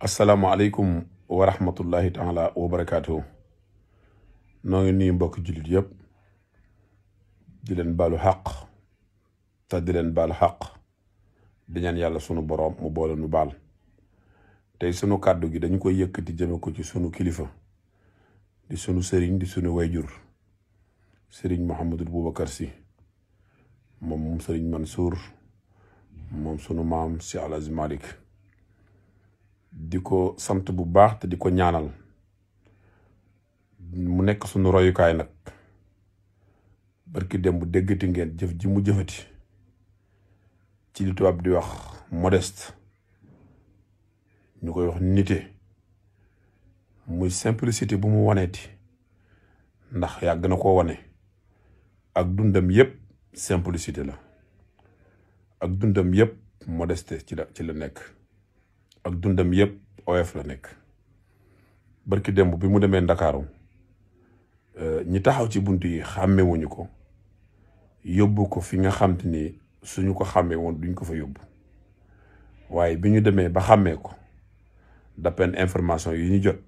asalaamaaleykum wa rahmatullahi taala wa barakaatu noo ngi nuyu mbokk jullit yëpp di leen baalu xaq te di leen baal xaq di ñaan yàlla sunu boroom mu boole nu baal tey sunu kàddu gi dañu koy yëkkati jëme ko ci sunu kilifa di sunu sëriñ di sunu wayjur sëriñ Mouhamadul Boubacar Sy moom moom sëriñ Mansour moom sunu maam si Alaaji Malik di ko sant bu baax te di ko ñaanal mu nekk suñu royukaay nag barki dem bu déggati ngeen jëf ji mu jëfati ci li tubaab di wax modeste ñu koy wax nite muy simplicité bu mu waneeti ndax yàgg na ko wane ak dundam yépp simplicité la ak dundam yépp modeste ci la ci la nekk ak dundam yëpp OF la nekk barki démb bi mu demee ndakaaru euh, ñi taxaw ci bunt yi xàmmewuñu ko yóbbu ko fi nga xam te ni suñu ko xàmmee woon duñ ko fa yóbbu waaye bi ñu demee ba xàmmee ko d'après information yi ñu jot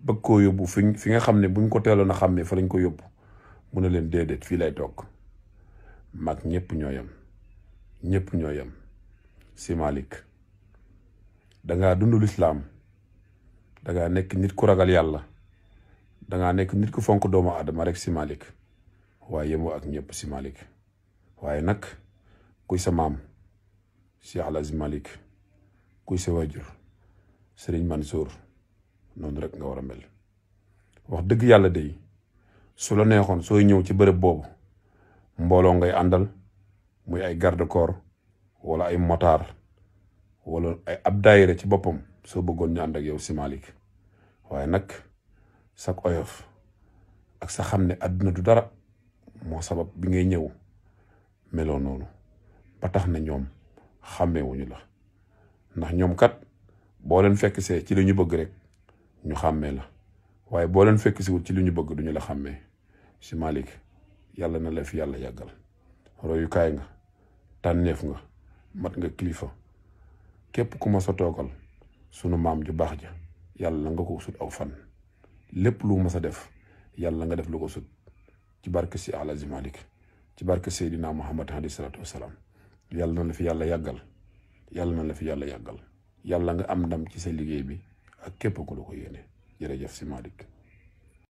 ba ko yóbbu fi fi nga xam ne buñ ko teeloon a xàmmee fa lañ ko yóbbu mu ne leen déedéet fii lay toog mag ñëpp ñoo yem ñëpp ñoo yem si dangaa dund lislaam dangaa nekk nit ku ragal yàlla danga nekk nit ku fonk doomu adama rek simalik Malick waaye yemoo ak ñëpp simalik waaye nag kuy sa maam si Alaaji Malick kuy sa waajur Sëriñ Mansour noonu rek nga war a mel wax dëgg yàlla day su la neexoon sooy ñëw ci bërëb boobu mbooloo ngay àndal muy ay garde corps wala ay motard wala ay ab daayira ci boppam soo bëggoon ñu ànd ak yow si waaye nag sa oyof ak sa xam ne àdduna du dara moo sabab bi ngay ñëw meloo noonu ba na ñoom xàmmeewuñu la ndax ñoom kat boo leen fekk see ci lu ñu bëgg rek ñu xàmmee la waaye boo leen fekk siwul ci lu ñu bëgg duñu la xàmmee si yàlla na la fi yàlla yàggal royukaay nga tànneef nga mat nga kilifa képp ku ma sa toogal sunu maam ju baax ja yàlla nga ko sut aw fan lépp lu ma sa def yàlla nga def lu ko sut ci barke si Alaaji Malik ci barke Seydina Muhammad alayhi salaatu wasalaam yàlla na la fi yàlla yàggal yàlla na la fi yàlla yàggal yàlla nga am ndam ci sa liggéey bi ak képp ku la ko yéene jërëjëf si Malik